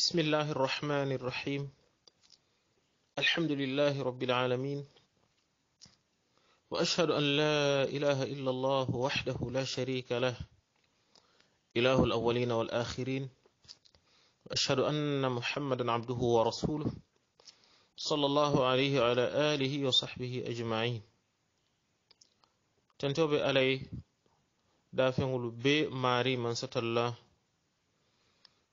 بسم الله الرحمن الرحيم الحمد لله رب العالمين وأشهد أن لا إله إلا الله وحده لا شريك له إله الأولين والآخرين وأشهد أن محمدا عبده ورسوله صلى الله عليه وعلى آله وصحبه أجمعين تنتبه عليه دافع به ماري من ستر الله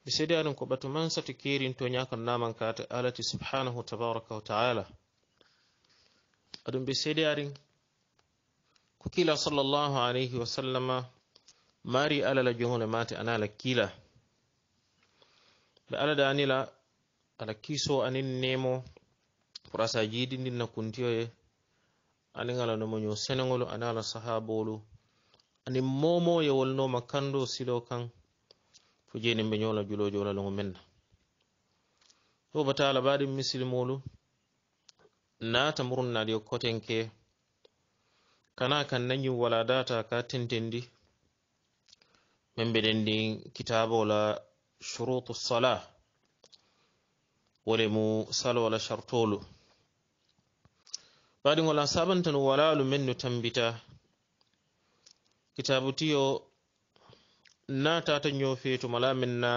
mi seedi aɗon ko ɓatu man sati kerinto ñakan naman kata alati subhanahu tabaraka wa taala aɗum ɓe seedi arin ko kila sallllahu alayhi wa sallama mari alala jogole mate anala kila ɓe alada anila ala kiso anin nemo pour asa jiɗindin na kuntiyoye anin ala nomoño senogolu anala sahabolu anin momoyewolnoma kando silo kan fojeenin ɓe ñoola julojo walla lungu menna soba taala baɗi misilmolu naata murunnaɗi o e kotenke kana kan nañum wala data ka tentendi min mbeɗen ndi kitabola surutu sala wole mu sala wala chartolu baɗi ngol an saɓantan walalu mennu tambita kitabu tiyo naatata ñoofeetu mala min na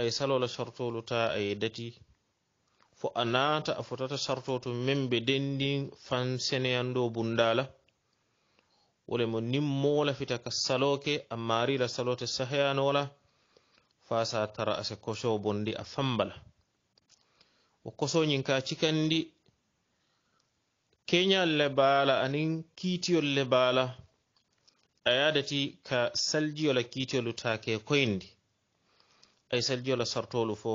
ay salola sartolu ta ay dati fo a naata a fotata sartotu min be denndin fan seneyanndo bundala wole mo nin moola fita ka salooke a maarila salote saheyano wala faasa tara ase koso bondi a fambala wo kosoñin ka cikandi keñal le baala anin kiitiyol le baala a yadati ka saljiyola kiitolu take koyindi ay saljiyola sartolu fo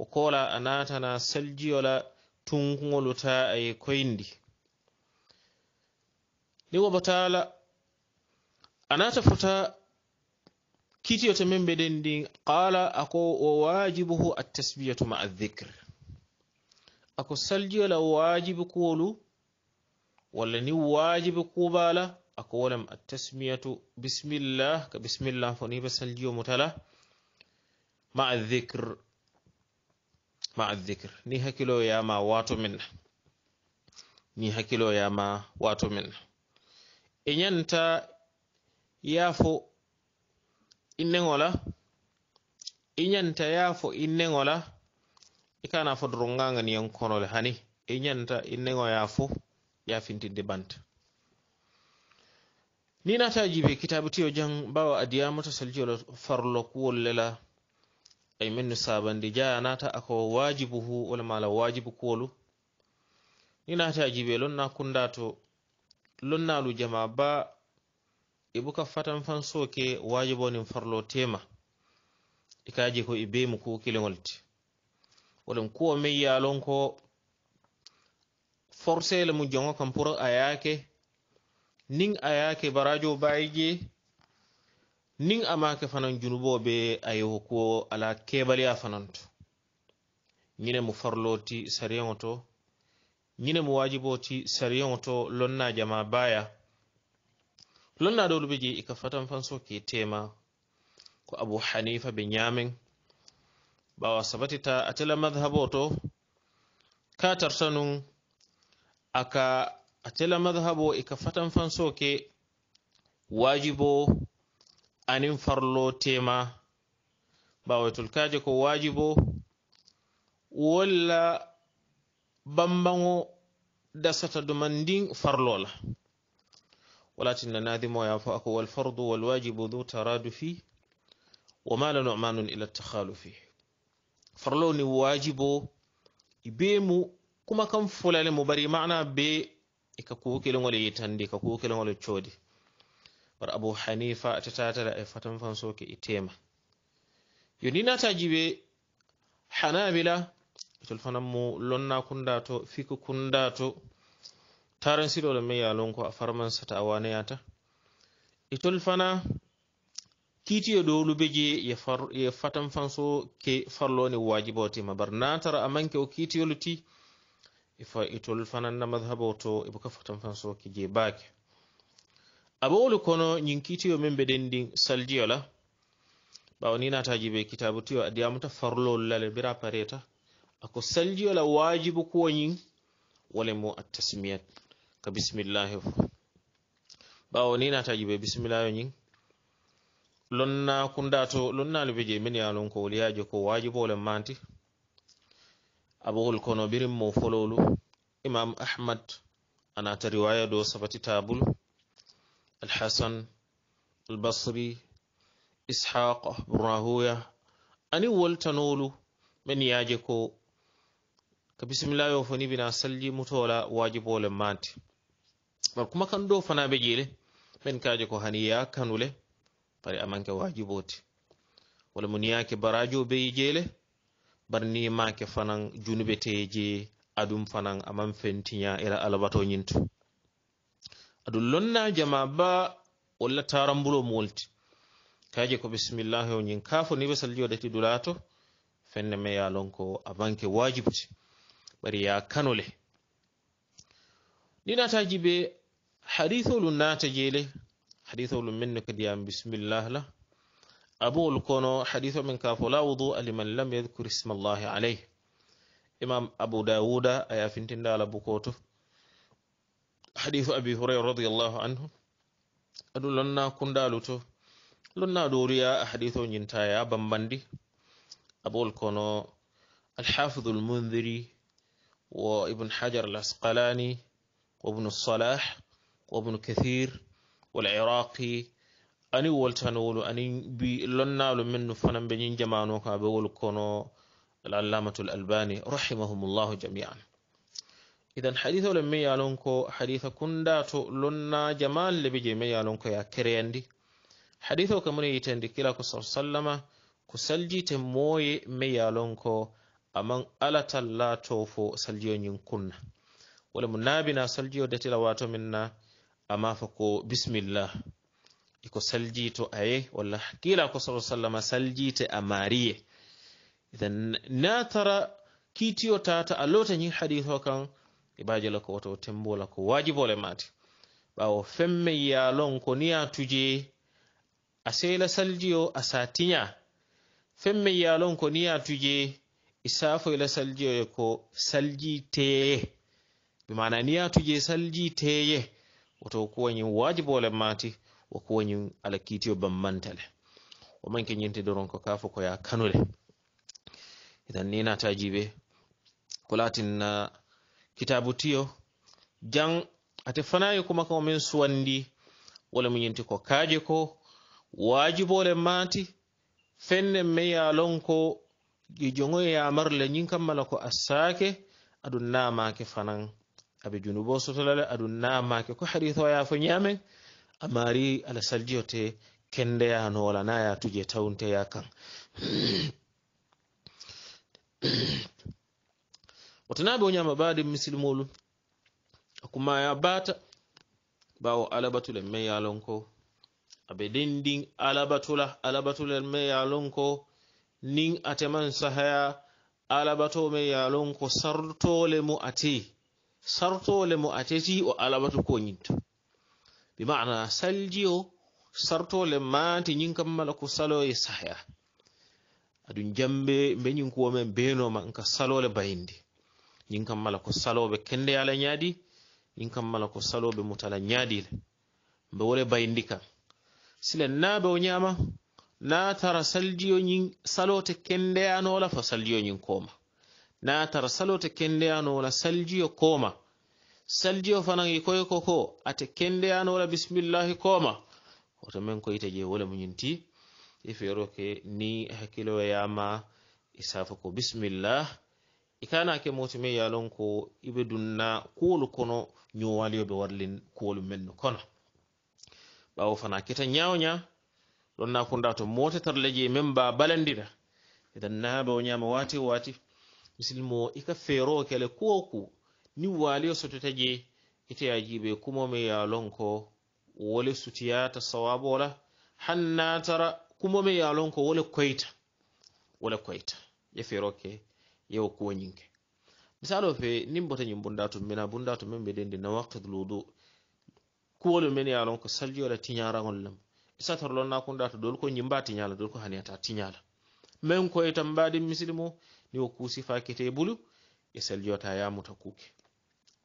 o kola a natana saljiyola tunkuŋolu ta aye koyindi ni wobo taala a nata futa kiitiyote meŋ beden din qala ako wo wajibuhu attasbiyatu ma aldhikr ako saljiyola wajibi kuwolu walla ni wajibi kubala ako wolam attasmiyatu bisimillah ka bismillah fo ni ɓe saljiyo mutala maa dhicre maa dhicre ni hakkilo yama wato min na ni hakkilo yama wato min na e ñanta yaafo inneŋola i ñanta yaafo inneŋola i kana fo doroŋŋaŋa hani inyanta ñanta inneŋo yaafo yaafintinde banta ni nataji be kitabutiyo jang bawa adiyamoto saljiyol farlokuwol lela ay menno sabande jaya nata ako wajibu hu wala mala wajibu kuwolu ni nataji be lonna kunda to lonnalu jama ba e buka fatan fan soke wajibonin farlo tema ikaji ko e bemu kukilegolti walam kuwo meyyalon ko forcele mu jongo kam pour a yaake nin a yake barajo baige nin a make fanan junuboɓe a yeho kuwo ala kebaliya fananto ñine mo farloti sariyoŋo to ñine mo wajiboti sariyoŋo to lonna jama baya lonna dolu be je i ka fatan fanso ke tema ko abu hanifa be ñamen bawa sabatita atela madhabo to ka tarta nun aka atela madhabo i ka fatan fansoo ke waajibo aniŋ farlo tema bawetol kaje ko waajibo walla bambaŋo dasata dumandiŋ farlo la walatin na nadimo ya fo ako walfardu walwajibu dhu taradufi wa ma la numanun ila takhalufi farlo ni waajibo i bee mu kuma kan fulale mu bari mana bee ika e kuukilgol yitandi ka kuukilgol coodi wara abu hanifa tatatara e fatanfansoke i e tema yo ni natajiɓe hanabila tol fanammo lonna kundato fiku kundato taransiɗole ma yalon ko a farmansata a waneyata e tol fana kiitiyo ɗowluɓe je ye fatanfanso ke farlone wajibote ma bar natara amanke o kiitiyolu ti ifa itol fananna madhabo to ibo kafatan fan soki je baake aboolu kono ñin kiitiyo min mbeɗen ndin saldiyo la ɓawo ni nataji ɓe kitabu tiyo adiyamuta farlol lale bira pareta ako saldiyo la wajibu kuwo ñin wole mo attasmiat ka bismillahi fo ɓawo ni nataji ɓe bismillahi ñin lonna kunda to lonnalu ɓe je min yalon ko woliyajo ko wajibu wolen manti abuhul kono birim mo fololu imam ahmad anata riwaya do sabati tabul al hasan al basri ishaq rahuya ani woltanolu men yaje ko ka bismillah wa fani bina salli mutola wajibole mante bar kuma kan do fana be jile men kaje ko hani ya kanule bari amanke wajiboti wala mun yake barajo be jile barni make fanan junube teje adum fanan aman fentiya ira alabato yintu adum lonna jama ba walla taramburo molti kaje ko bisimillahi o yin kafo ni ɓe saljiwaɗa tiɗulato fenne me ya lon ko abanke wajibuti ɓari ya kanole ɗi nataji ɓe haditholu nata jeele haditholu menno kadi yam bisimillah la أبو الكونو حديث من كاف لا وضوء لمن لم يذكر اسم الله عليه إمام أبو داود أيا فنتين دالا بكوتو حديث أبي هريرة رضي الله عنه أدو لنا كندالوتو لنا دوريا أحاديث ينتايا بمبندي أبو الكونو الحافظ المنذري وابن حجر العسقلاني وابن الصلاح وابن كثير والعراقي ani woltano wolo ani bi lonnaalo men no fanan ɓe ñin jamano ka ɓe wol kono العلامة الألباني رحمهم الله جميعا إذا حديث لم يالونكو حديث كنداتو لنا جمال لبجي ميالونكو يا كرياندي حديث كمن يتندي كلا صلى الله عليه وسلم كسلجي تموي ميالونكو أمان ألا تلا توفو سلجيو ينكونا ولم نابنا سلجيو دتلا واتو منا أما فكو بسم الله iko saljito aye wala kila ko sallallahu sallama saljiite a maariye idan natara kiitiyo tata a nyi hadith hadis o kan e ko woto tembola ko wajibole maate bawo femme ya lon ko niya tuje asela saljio asatinya femme ya lon ko niya tuje isafo ila saljio ko saljite bi mana niya tuje salji teye woto kuwañin wajibole maati woko woñin ala kiitiyo bammantale o manke ñintidoron ko kaa fo ko ya kanule itan ni nataji ɓe ko laatinna kitabu tiyo jan ate fanayi kuma ko min suwandi wala mu ñinti ko kaaje ko waajibole maati fenne me ya lon ko e jogoye yamarle ñin kam mala ko assaake aɗum namaake fanan aɓe junubo sotolale aɗum namaake ko haɗi thoyaafo ñaamen amari alasaljio te kendeya no wala na yatuje tawnteya kan watanaɓe o ñama baade misilmolum akumaya bata bawo alabatule meyalonko aɓe dendin alabatula alabatule meyalonko nin ateman sahaya alabato meyalonko sartole mo ate sartole mo ateti o alabatu ko ñinto bi ma'ana saljiyo sartole maati ñin kam mala ko saloye sahya aɗum jambe be ñin ko wamen benoma nka salole bayindi ñin kam mala ko saloɓe kende ala ñaadi ñin kam mala ko saloɓe mutala ñaadile mbe wole bayindi kam sile naɓe o ñama na tara saljiyo ñin salote kendeyanola fa saljiyo ñin koma na tara salote kendeyanola saljiyo koma saldio fanagi koye koko ate kendeyano wala bisimillahi kooma oto men ko yita je wole muñinti i e feroke ni hakkiloyama e isafo e ko bisimillah ikanake motume yalon ko iɓe dunna kuwolu kono ñowaliyoɓe warlin kuwolu menno kono ɓawo fana keta ñawña ɗonna kunda to mote tarleje men ba balandira edan naba o ñama wati wati misilmo ika feroo kele kuwoku ni waaliyo sotota je ite a jiɓe kumome yalon ko wole sutiyata sawabola hannatara kumome yalon ko wole koyta wole koyta ye feroke yewo kuwoñinke misalo fe nin bote ñin bundatu mina bundatu men mbiɗen ndi nawaqid ludu kuwolu men yalon ko saljola tiñaragol lem isatorlon nakundatu dol ko ñimba tiñala dol ko haniyata tiñala men koyta mbaɗin misilimo ni wo kuusi fa kete bulu e saljota yamuta kuke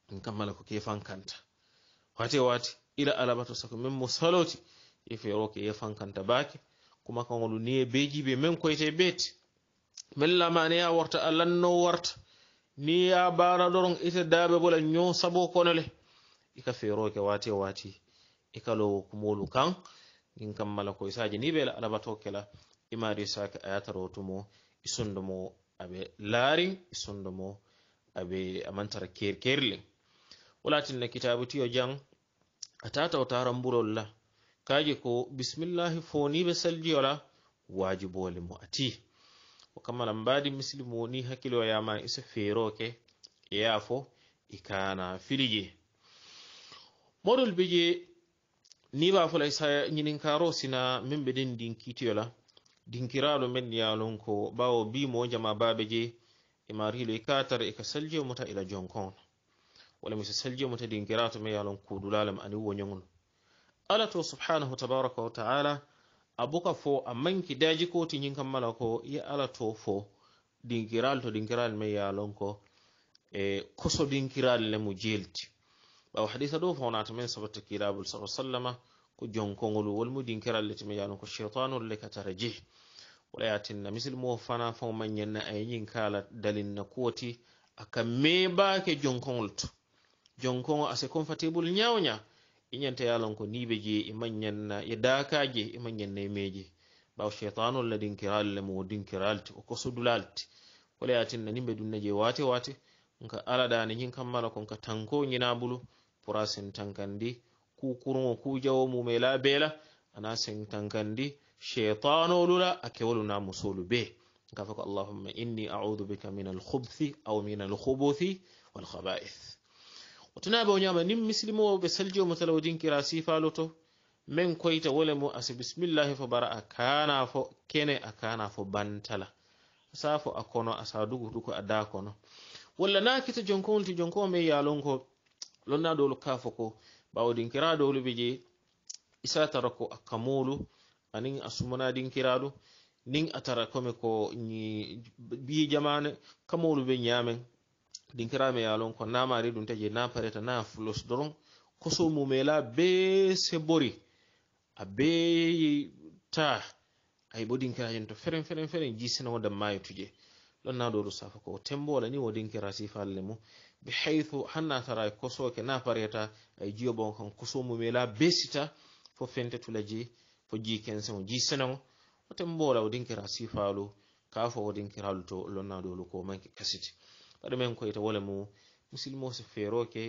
ku malako fankanta, wate wace ila alabata sako min mo saloti e feroke fankanta baki, kuma ne niye bejiɓe min koyte bet min lamane ya warta no warta ni ya bara doron ita dabe bola nyo sabo konole ika feroke wate wati ika lowo kumolu kan in kammala isaji ni ɓe alabato kela imari sake ayatarotumo isundomo larin laari isundomo amantar amantara kerkerle wolatinne kitabu tiyo jang ata tawtara mburol la kaje ko bisimillahi foniɓe saljiyola wajibole mo ati o kamala mbadi misilimu woni hakkile o yama iso feroke yafo e ikana e filije modol beje nibafola sa ñininkaro sina min ɓe den dinkitiyola dinkiralo men yalon ko ɓawo bimo jama babe je e marilo e katar e ka saljiyomota ila jonkono wala mi so saljiyomo tadi gerato ma yalon kudulalam ani woñogno ala to subhanahu tabaraka wa taala a buka fo a manki daji koti ñin kam mala ko ye ala to fo dinkiral to dinkiral ma yalon ko e koso dinkiral le mo jelti ɓaw hadisa ɗo fonata men sabata kirabul sa sallama ko jonkogol wolmo dinkiral le tima yalon ko shetanol le katara je wala yatinna misilmo fana fo manñenna ayñin kala dalinna kuwoti aka meɓake jonkogol to jonkoo ase comfortable ñawña iñanta yalon ko nibe je e mañanna e dakaje e mañanna e meje ɓaw cheitanol la dinkiralle mo dinkiralti o kosodulalti kole yatinna nimɓe ɗum naje wate wate ka aladane ñin kammala konka tanko ñinabulu pora sen tankandi kukurgo kujawo mume la beela ana sen tankandi cheitanolula a kewoluna musolu be kafa ko allahumma inni audu bika min alhubthi aw min alhubuthi walhaba'ith o tona ɓe o ñama nin misilimowo ɓe saljiomo tala o dinkira sifaloto min koyta wole mo asi bisimillahi fo bara a kanafo kene a kanafo bantala asafo a kono asa duguduko a dakono walla nakita jonkowonti jonko men yalonko lonnaɗolu kafo ko ɓawo dinkiraɗolu ɓe je isa tara ko a kamolu anin a sumana dinkiraɗu nin a tara kome ko bihi jamane kamolu ɓe ñamen dinkirama yalon ko namari ɗum taje na pareta na flos doron koso mumela be sebori a beta ay bo dinkirajen to feren feren feren jisinao da mayi tuje ɗon na ɗo ɗo safa ko tembo wala ni wo dinkira sifalle mum be haytu hanna tara e kosoke na pareta ay jiyobon kan koso mumela be sita fo fente tulaje fo jikenseo jisinao o tembo wala o dinkira sifalu kafo o dinkiralu to lonna ɗolu ko manke kasiti kaɗumen ko ita wole mo musilmo se feroke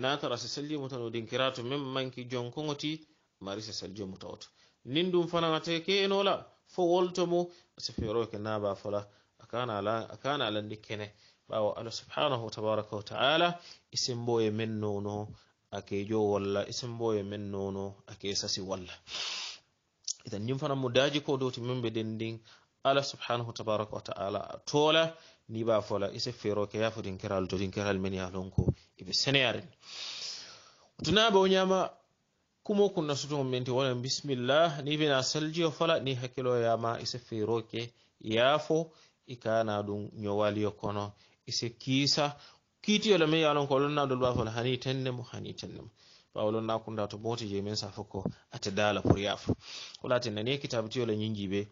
natara se sallimo tan o dinkirato men manki jon kogoti mari se sallimo tawto nin ɗum fanagate ke enola fo woltomo se feroke naba fola akana alandi kene ɓawo allah subhanahu wa tabaraka wa taala isimbo e men nono ake jo walla isimbo e men nono ake sasi walla itan ɗim fana mo daji ko dowti men ɓe denndin allah subhanahu wa tabaraka wa taala a toola ni ba fola ise fero ke ya fodin kiral to din kiral men ya lonko ibe senyarin tuna ba onyama kumo kunna sutu men ti wala bismillah ni be na salji o fola ni hakilo ya ma ise fero ke ya fo ikana dun nyowali yo kono ise kisa kiti yo lamen ya lonko lonna dol ba fola hani tenne mo hani tenne mo bawo lonna kunda to boti je men safo ko atedala pour ya fo wala tenne ne kitabti yo la nyingi be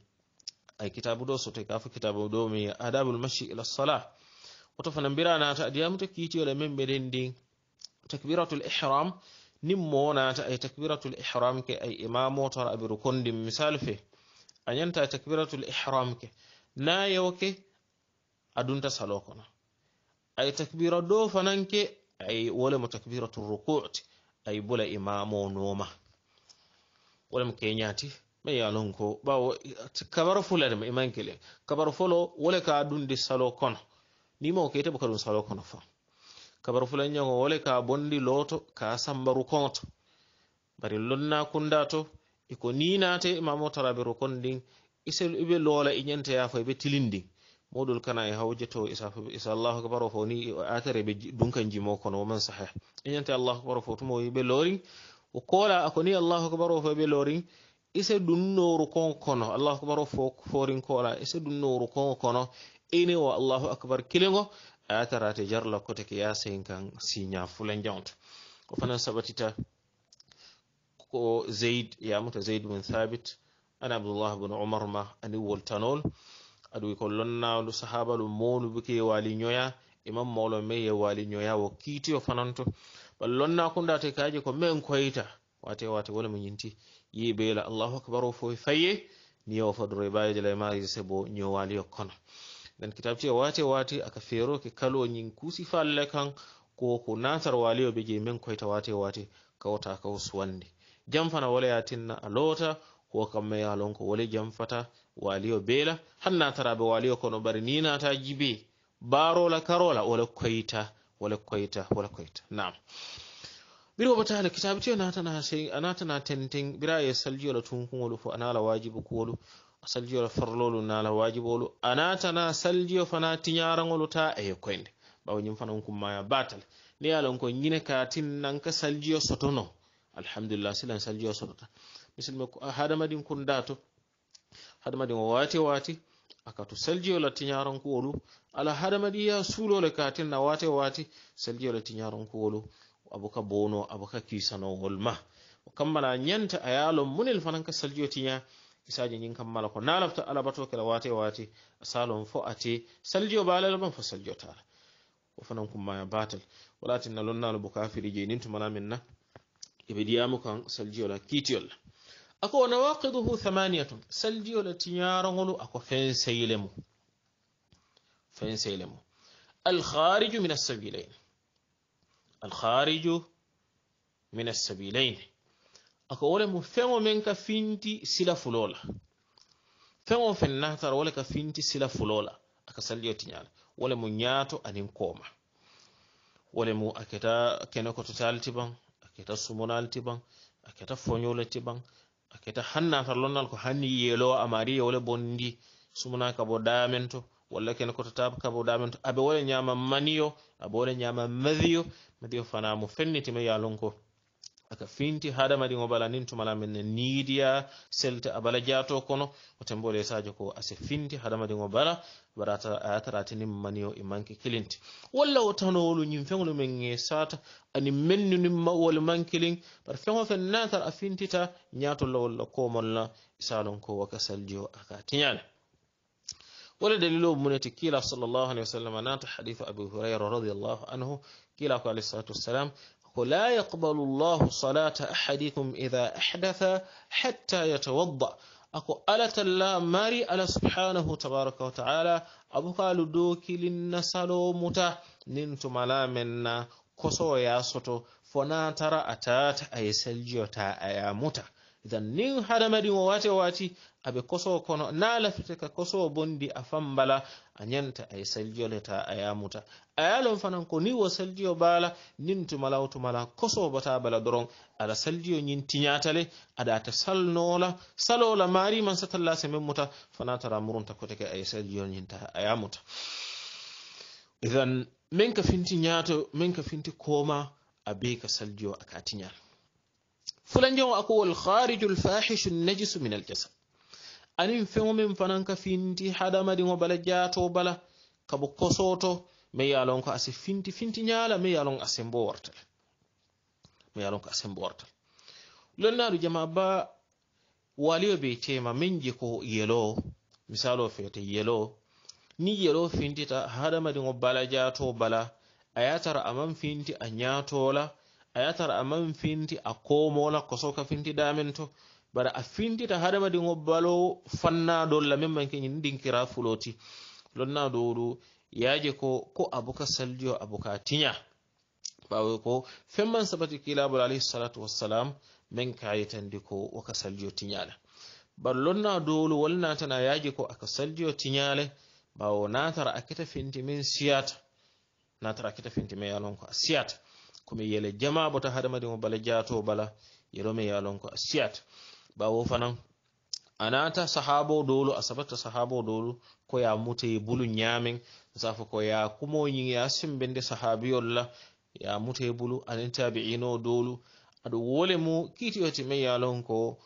ay kitabu ɗo so toi ka fo kitabu ɗo mi adabul masci ila sala woto fana mbiranata adiyamu takkiitiyole men ɓeɗen ndi takbiratul ihram nin mo wonata ay takbiratul ihram ke ay imamu tora abiru kondi misal fe a ñanta takbiratul ihram ke na yewke adunta salo kono ay takbira ɗo fananke ay wolemo takbiratul rukut ay bula imamu noma wolemo ke ñaati ɓe yalon ko ɓawo kabaro fulerema iman e kele kabaro folo wole ka ɗumdi salo kono nimao ke teɓo ka ɗum salo kono fa kabaro fulen ñogo wole ka bondi looto ka sambaru konto bari lonna kunda to iko e ninate mamo taraɓero kon ndin iɓe e loola i ñenteya fo eɓe tilindi moɗol kana e hawje to isa allahu kabaro fo ni atere ɓe dunkan jimo kono woman saha i ñente allahu kabaro fo tumo ɓe loorin o koola ako ni allahu kabaro fo ɓe loorin ise ɗum nowru konko kono allahu acbar o forinkola ise ɗum nowru konko kono ene o allahu acbar kilingo ayatarate jarla kote ke yasen kan siña fula jawta ko fanan saɓatita ko zeyd yamuta zeyd min thabit ani abdullah bin omar ma ani woltanol aɗa wi ko lonnaɗu sahaba ɗum mowlubike wali ñoya imam mawlo me ye wali ñoya wo kiiti o fananto ɓa lonna kunda te kaji ko min koyta wate wate wona mo ñinti yiɓeyla allahu akbar o foof fayye ni yewo fadoro e mbawidela e maaji sebo ñowali yokkono nden kitabe ti o waati o waati aka feeroke kalu o ñin kuusi falle kan ko ko natar waaliyo ɓe jeyi men koyta waati o waati kawta kaw suwandi jamfana walaya tinna a loota ko kamma ya lon ko wole jamfata waaliyo beela han nataraɓe waaliyo kono bari ni nata jibe baarola karola wole koyta wole koyta wole koyta nam biri woɓataale kitabiti o natana sey a natana tenteng bira ye saljiyola tunkuŋolu fo a naala waajibu kuwolu a saljiyola farlolu naala waajibolu a natana saljiyo fana tiñaraŋolu ta e ye koynde ɓaawo ñiŋ fana kummaya batal ni ye lon ko ñine ka tin nanka saljiyo soto no alhamdulillah silan saljiyo sotota misilme ah, hadamadin kundato hadamadin o waati waati akatu saljiyola tiñaronkuwolu ala hadamadi ya suulole ka tinna waate waati saljiyola tiñaronkuwolu abuka bono abuka kisanowol ma o kammala ñanta a yaalo munel fananka saljiyotiña isaji ñin kammala ko nalabta alabato kela wate wate salon fo ate saljiyo balel man fo saljiyotala o fanan kummaya batel wala tinna lonnalo bo kafiri je nin tumana min na eɓe ɗiyamu kan saljiyola kiitiyol la ako wo nawakiduhu thamaniyatun saljiyola tiñarogolu ako fenseyle mu fenseyle mu alharijou min assabilayni alkhariju min assabilain ako wo lemu feŋo meŋ ka finti sila fuloo la feŋo feŋ naŋ tara wo le ka finti sila fuloo la a ka salliyo ti ñaala wo lemu ñaato aniŋ kooma wo lemu a keta kene kototaali ti baŋ a keta sumonaali ti baŋ a keta foñoo le ti baŋ a keta haŋ naata lonnal ko hanni yeeloo amaari ye wo le bondi sumuna ka bo daamen to walla ken koto taba kabo damen to aɓe wona ñama maniyo aɓe wona ñama madiyo madiyo fana mo fennitima yalon ko aka finti madi o bala nin tumala men ne niidiya selte abala jato kono oten bo lesajo ko ase finti madi o bala barata ayataratinin maniyo e manke kilinti walla o tanowolu ñin feŋolu men ŋe sata ani mennu nin mawol mankilin bar feŋo fen natar a fintita ñatolla walla komol salon ko waka saldio aka tiñane ولدليل منيت تكيلا صلى الله عليه وسلم نات حديث أبي هريرة رضي الله عنه كلا عليه الصلاة والسلام لا يقبل الله صلاة أحدكم إذا أحدث حتى يتوضأ أكو ألا تلا ماري ألا سبحانه تبارك وتعالى أبو قالوا دوكي للنسالو متى ننتم على منا كسو يا سوتو فنا ترى أتات أي سلجوتا أي متى idan nin hada madi wace wace o wati aɓe kosowo kono na lafita ka kaso bundi a fambala a yanta a yi le ta a ya muta. a yalon fanan ko ni wa saljiyo bala nin tumala wa tumala ba bata bala doron saljiyo yin tinyatale a da ta salnola salola mariman satalla min muta fana tara murunta yi saljiyo seljiyo ta a muta idan min ka finti ñaato min ka finti koma a bai ka saljiyo a ka tiñal fulanjeŋo a ko wal harijul fahisu najisu min aljasad aniŋ feŋo meŋ fanaŋ ka finti hadamadiŋo bala jaato bala ka bo kosooto maŋ ye a loŋ ko a si finti finti ñaala maŋ ye a loŋ a sembo warta le maŋ ye a loŋ ko a sembo warta le lonnaalu jama ba waaliyo be teema meŋ je ko yeloo misaaloo feete yeloo niŋ yeloo fintita hadamadiŋo bala jaato bala a ye a tara a maŋ finti a ñaatoo la a yatar a man finti a komola ko soka finti damin to bara a fintita hadama di gobbalo fannadolla min man keñi ndinkira fuloti lonna dowdu yaaje ko ko abuka saldio abuka tiña bawe ko femman sabati kilabol alayhisalatu wassalam min kayitandi ko woka saldio tiñala bar lonna dowlu walnatana yaaji ko aka saldio tiñale bawo natara a keta finti min siyata natara a keta finti min yalon ko a siyata komi yele jama bota hadamadimo bala jato bala yelomi yalon ko asiyat bawo fanan anata sahabo dolu asabata sahabo dolu ko ya mutaye bulu ñamen safo ko ya kumoyi ya sembende sahabiyolla ya mutaye bulu anen tabiino dolu aɗo wole mu kiitiyotime yalon ko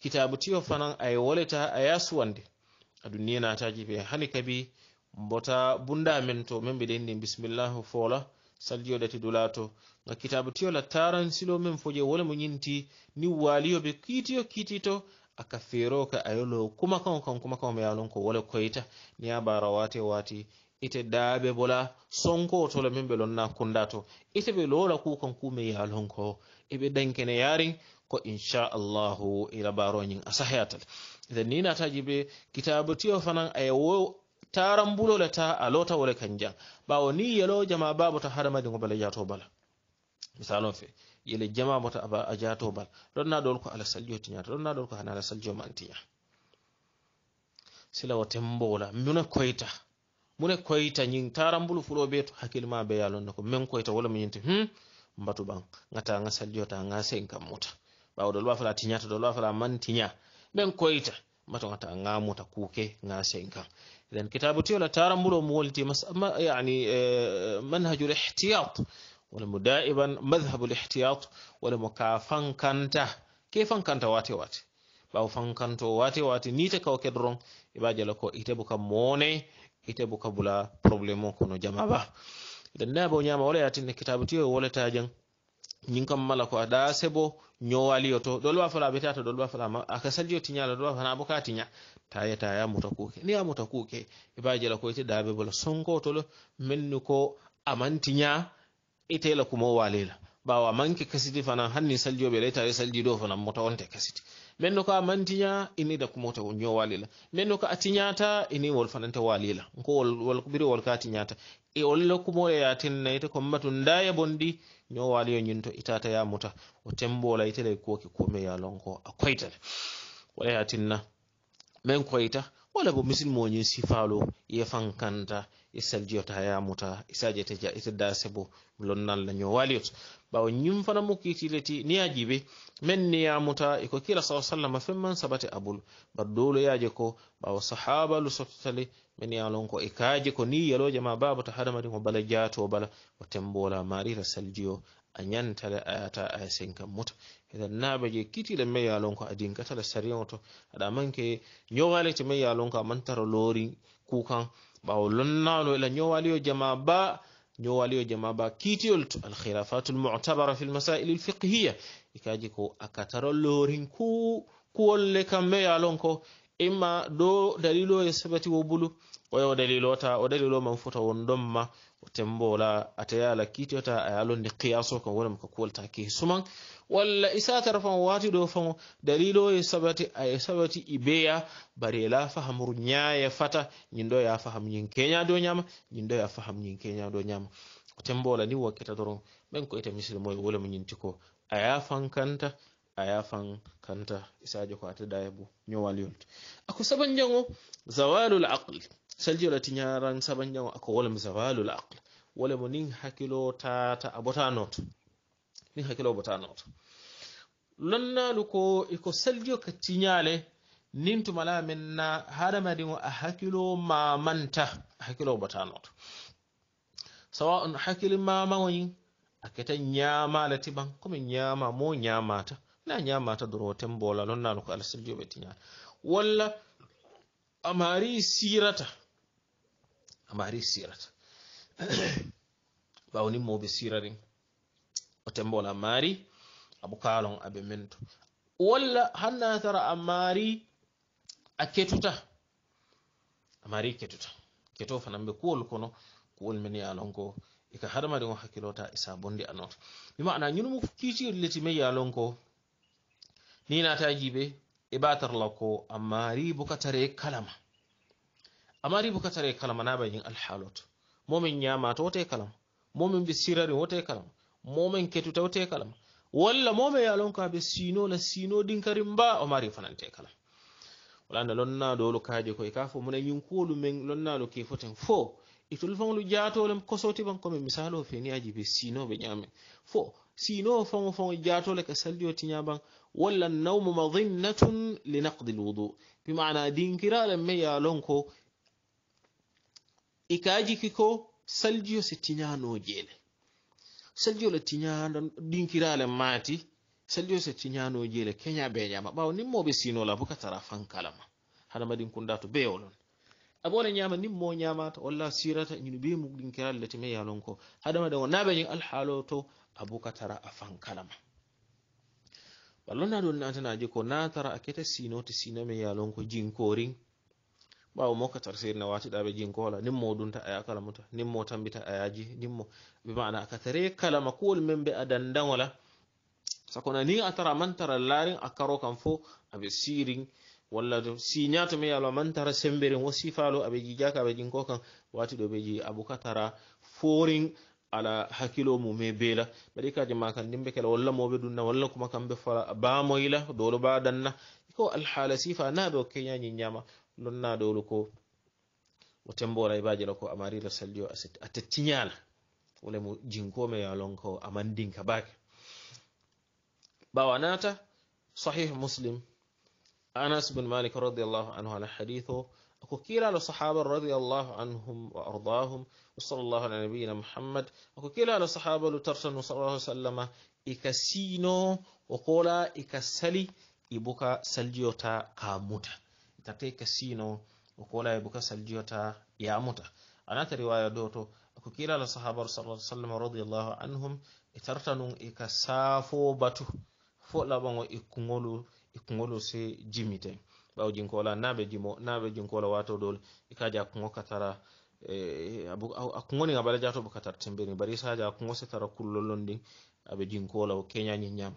kitabutiyo fanan aye woleta aya suwande adu niye nataji ɓe hani kabi bota bunda men to min mbiɗenni bisimillahu fola salliyoɗe dati dulato ga kitabu la taran silo memfoje foje wole mo ni waliyo be kiitiyo kitito aka ka ayolo kuma kan kan kuma kan yalon ko wole koita ni ya wate wati ite dabe bola sonko tolo min ɓe lonna kundato ite be lola ku kukan kume yalon ko eɓe ɗankene yarin ko insha inchallahu ila baro nyin sahayatal idan ni na tajibe kitabu tiyo fanan ayo tarambulola ta a lotawole kanja ɓawo ni yelojama babota haramadi gobala jatobal misalon fe yele jama mota a jatobal ɗon naɗol ko alah saljio tiñata ɗon naɗol ko hana alah saljio mantiña silawo tembola mune koyta mune koyta ñin tarambulu fulo be to hakkillema be yalonne ko min koyta wala mu ñinte hum mbatu ɓan gata ga saljiota ga seng kam muta ɓawo ɗo lwafala tiñata ɗo lwafala man tiña min koyta mbatu gata gamuta kuuke ga seng kam إذن كتابتي تارمبلو مولتي مس... ما يعني منهج الاحتياط ولم دائما مذهب الاحتياط ولم كافن كانت كيف كانت واتي واتي ɓawo fankanto wate wate nite kawo kedron eɓa jala ko itebu ka mone itebu ka bula probléme o kono jama ba idan nabo ñama wala yatinne kitabu tiyo woletajen ñowaliyo to ɗo lowa fola ɓeta to ɗo lowa folama aka saliyo tiña la ɗowa fana boka tiña taye taya muta kuke ni a muta kuke ibajela e koyte daɓe bola sonkotolo melni ko aman tiña itela kumowalila ɓawa manke kasidi fana hanni saliyoɓe laytawe saldiɗo fana mota onte kasidi menno ka mantiña ini da kumota ño walila menno ka atiñata ini wol fanante walila nko wol wol biri wol ka tiñata e wol la kumole ya tinna ko matu ndaya bondi ño waliyo ñinto itata ya muta o tembo la itele ko kome ya lonko akoitale wala ya tinna men koita wala bo misilmo ñin sifalo ye fankanta e saljiyota ya muta isaje te ja ite dase lonnal la ño waliyot ɓawo ñim fana mukkiti leti niyajibe min niyamuta eko kila saw sallama femman sabate abul bar doloyaje ko ɓawo sahabalu sottatale min yalon ko e kaaje ko ni yeloje ma baba ta hadamadi ko bala jaato bala o tembola marira saldio a ñantale ayata aya senka muta eɗen naɓeje kitile ma yalon ko adinkatala sarion to aɗa manke ñowalete ma yalon ko amantara loori kukan ɓawo lonnalo ela ñowaliyo jama ba ndio walio jamaa ba kiitiyol to alkhilafatu lmutabara fi lmasaili lfiqhiya ikaji ko akataro lorin ku kuwolle kamme ya lon ko imma do dalilo e sabati wo bulu oyo dalilo ta o dalilo man fota won tembola ateyala kitota ayalondi qiyaso kan wona ko kuwol taki suman walla isatara fan wati do fan dalilo e sabati aye sabati ibeya bari la fahamru ñaye fata ñinɗo ya faham ñin keña do ñama ñinɗo ya faham ñin keña do ñama ko tembola ni wakkita doron ɓen ko ite misilimo e wolemo ñinti ko aya fan kanta aya fan kanta isajo ko ateɗa e bo ñowal yolto ako saban jango zawalul aqli saljiolati ñaran sabanñawo ako wolemo zawalul aql wolemo nin hakkilo tata a botanoto nin hakkilo botanoto lonnalu ko eko saljio ka tiñale nin tumala men na hadamadio a hakkilo mamanta a hakkilo botanoto sawa on hakkile mamawoyin a keta ñamala tiban komi ñama mo ñamata na ñamata doro tembola lonnalu ko ala saljioɓe tiñale walla amari sirata amari sirata bawni mowɓe sirani o tembola mari abukalon aɓe mento walla hannatara a mari a ketuta amari ketuta keto fanamɓe kuwol kono kuwol men yalonko eka haɗamari on hakkilota isa e bondi anota bima ana ñunumo kiciirleti men yalonko ni nataji ɓe e batarlako a mari bokatare kalama amma ribu katare kalam ana ɓayin alhalot momin ñamata wote kalam momin be sirarin wote kalam momin ketuta wote kalam walla momin yalonko aɓe sino la sino ɗinkarin ba o mari fanante kalam walanda lonnaɗolo kaje koye ka fo mona ñinkuwolu men lonnaɗo ke foten fo itol fonlu jatolem kosoti ban komin misalo feniyaji ɓe sinoɓe ñamen fo sinowo fongo fongo jatole ka salliyo tiña ban walla nawmu madinnatun linakdi lwudu bi mana dinkiralen me yalonko ikajiki ko saljio se tiñano jeele saljio le tiñano ɗinkirale maati saljio se tiñano jeele keña beñama ɓawa nimmoɓe sinola bo katara fankalama hadamadin kunda to beyolon abole ñama nimmo ñamata walla sirata ñini ɓe mu ɗinkirale letime yalon ko hadamaden o naɓeñi alhaalo to abokatara a fankalama ballonna ɗon natanaji ko natara a kete sino te sinome yalon ko jinkorin ɓaawo mokkatar seyri ne waatiɗaa ɓe jinkoola nin mo ɗumta aya kala muta nin mo tambita ayaaji nin mo ɓe maana ka tare kala ma kuwol men ɓe a dandaŋola sakona nin a tara man tara laarin a karo kam fo aɓe siirin walla siiñaato me yaalo man tara semmberin wo siifaalo aɓe jiijaaka aɓe jinko kan waati ɗo ɓe jii abu ka tara foorin ala hakkilo mume beela baɗi kaji ma kan ndimɓe kela walla moɓe ɗumna walla kuma kamɓe fola baamoyla dowlo baa danna ko alhaala siifa naaɓe o keñañi ñama non naɗolu ko o tembola e baji lako amari la saldio o a tettiñala wala mo jinkome ya lon ko ka bake ɓawa nata sahih muslim anas bin malik radiyallahu anhu ala hadithu o ako kiilalo sahaba radiallahu anhum wa ardahum wa sallllahu ala nabiyina muhammad ako kiilalo sahaba lu tartanu sallah sallama ika siino o kola ika sali ibuka saljiyo ta tartey kasino o kolay e bo kasal jiyota yamuta anata riwaya do to ko kilala sahaba salah sallam radiallahu anhum e tartanum e ka safobatu fo laɓago e kugolu e kugolu se jimmite ɓawo jinkola naɓe jimo naɓe jinkola wato dol e kaji e, a kugo katara a kugoni a baɗa jato bo katara temberi bari saji a kugo se tara kullollon ndin aɓe jinkola o keñañi ñam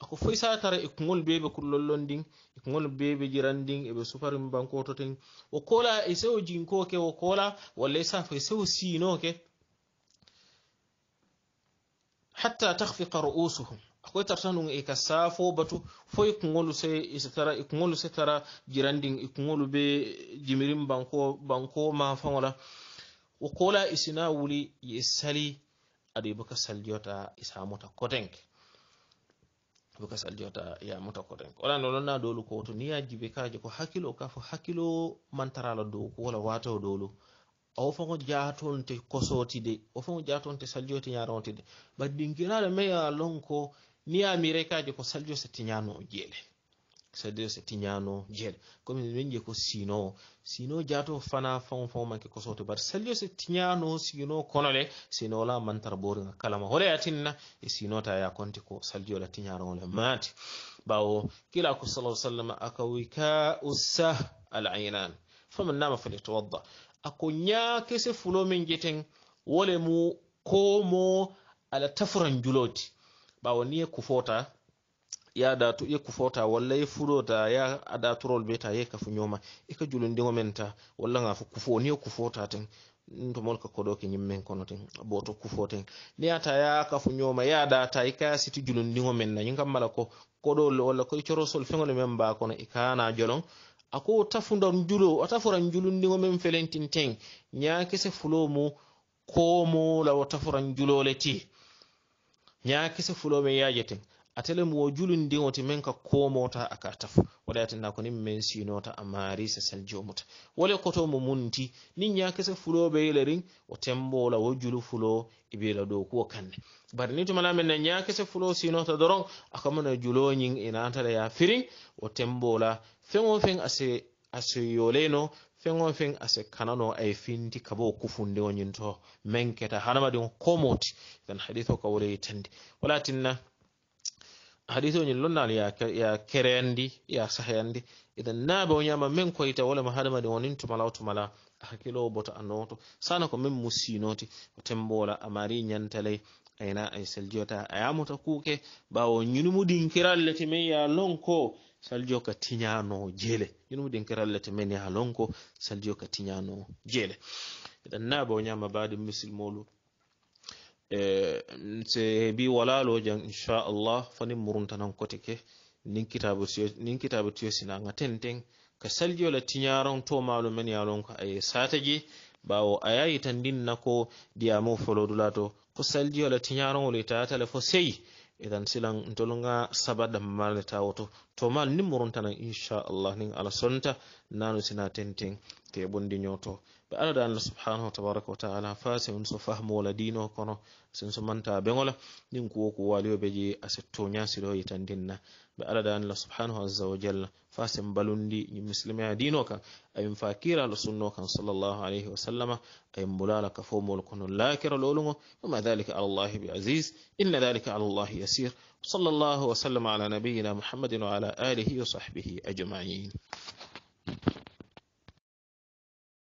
ako foy satara e ko ngon beɓe kullollon ndin eko ngon beɓe jiran ndin eɓe sufarimi bankototen o kola e sewo jinkoke o kola walla e safa e sewo siinoke hatta tahfika ro'usuhum akoye tarta ɗum e ka safo batu foy kogolu setara e kogolu setara jiran ndin e kogolu e be jimirin banko banko mafawola o kola e sina wuli ye sali aɗa yoɓe ka saldiyota e samota kotenke ɓe kasal jota ya muta koten waɗan ɗo nonna dowlu ko to niyaji ɓe karaje ko hakkilo ka fo hakkilo mantarala dow wala wataw dowlu o fo ko jatonte kosotide o fo ko jatonte saljoti yarontide bat ɗinkiraɗo meya lon ko niyamire kaje ko saljo se ñano jeele sadio se tiñano jeeɗe comme min je ko sino sino jaato fana faw faw manke ko soto bat sadio se tiñano sino konole sino la mantara boringa kalama hole yatinna e sino ta ya konti ko sadio la tiñanole maati ɓawo kila ko sala sallam aka wikau sah al ainan faman nama fali towadda ako ñakese fulo min jeten wole mu ko mo ala tafuran juloti ɓawo niye kufota yaada to ƴekku fota walla ye fuɗota ya aɗa torol be ta ye ka fu ñooma e ka julundiŋo men ta walla ŋa fo kufo ni ye kufo ta teŋ tomol ka koɗoke ñim men kono teŋ boto kufo teŋ ni ya ta ya ka fu ñooma ye aɗa ta i ka ya siti julundiŋo men na ñiŋ kam mala ko koɗol walla ko i corosol feŋole men mba kono i kana joloŋ a ko tafunda julo a tafura julundiŋo men felentin teŋ ña kese fulo mu koomo la wo tafura julole ti ña kese fulo men yaaje teŋ atele mo julu julundiŋoti meŋ menka ko mota akartaf wala yatinna ko niŋ meŋ nota amari sa sel jomuta wala ko to mo munti nya ñakese fulo be lerin o tembo la wo julu fulo ibe la do ko kanne bar ni to mala men nya ñakese fulo si nota a akama na julo nyin ina tare ya firin o tembo la fengo feng ase ase yoleno fengo feng ase kanano no a finti kabo bo kufundiŋo ñiŋ to meŋ keta hadamadiŋo koomoti tan haditho ka wala tinna hadithi o ñin lonnaalu ya kereyandi ya sahayandi idan naabe o ñaama min koyta wolema hadamadi wonin tumala o tumala a hakkilo boto annoto sana ko min mu sinoti o tembola amari ñantaley ayna ay saljota a yamuta kuuke ɓawo ñinumuɗinkiral leti min ya lonko saljo ka tiñano jeele ñinumuɗinkiral leti min ya lonko saljo ka tiñano jeele idan naabe o ñaama baɗi misilmolu Eh, se bi wala lo insha Allah fani nan kote ke nin kitabu tiyo sinaga tenten ka la tinyaron to malo men yalon ko ay sataji bawo ayayi yayi tan dinna ko folo dulato ko tinyaron tiñaron le ta fo sey idan silan ntolunga sabada mmaleta woto to mal ni insha Allah nin ala sonta nanu sina tenten te bondiño to ɓe ala da allah subhanahu wa tabaraka wa taala fa sen so fahmola dino kono sen so manta ɓeŋola ɗin kuwo ko waliyoɓe je ase toñasilo yitandinna ɓe ala da allah subhanahu wa jalla fa balundi ñin misilimaya dino kan ayin fa kirala sunno kan sallllahu alayhi wa sallama ayin bulala ka fomol kono lakira lolugo wama dhalika ala llahi bi asis inna dhalika ala yasir وصلى الله وسلم على نبينا محمد وعلى آله وصحبه أجمعين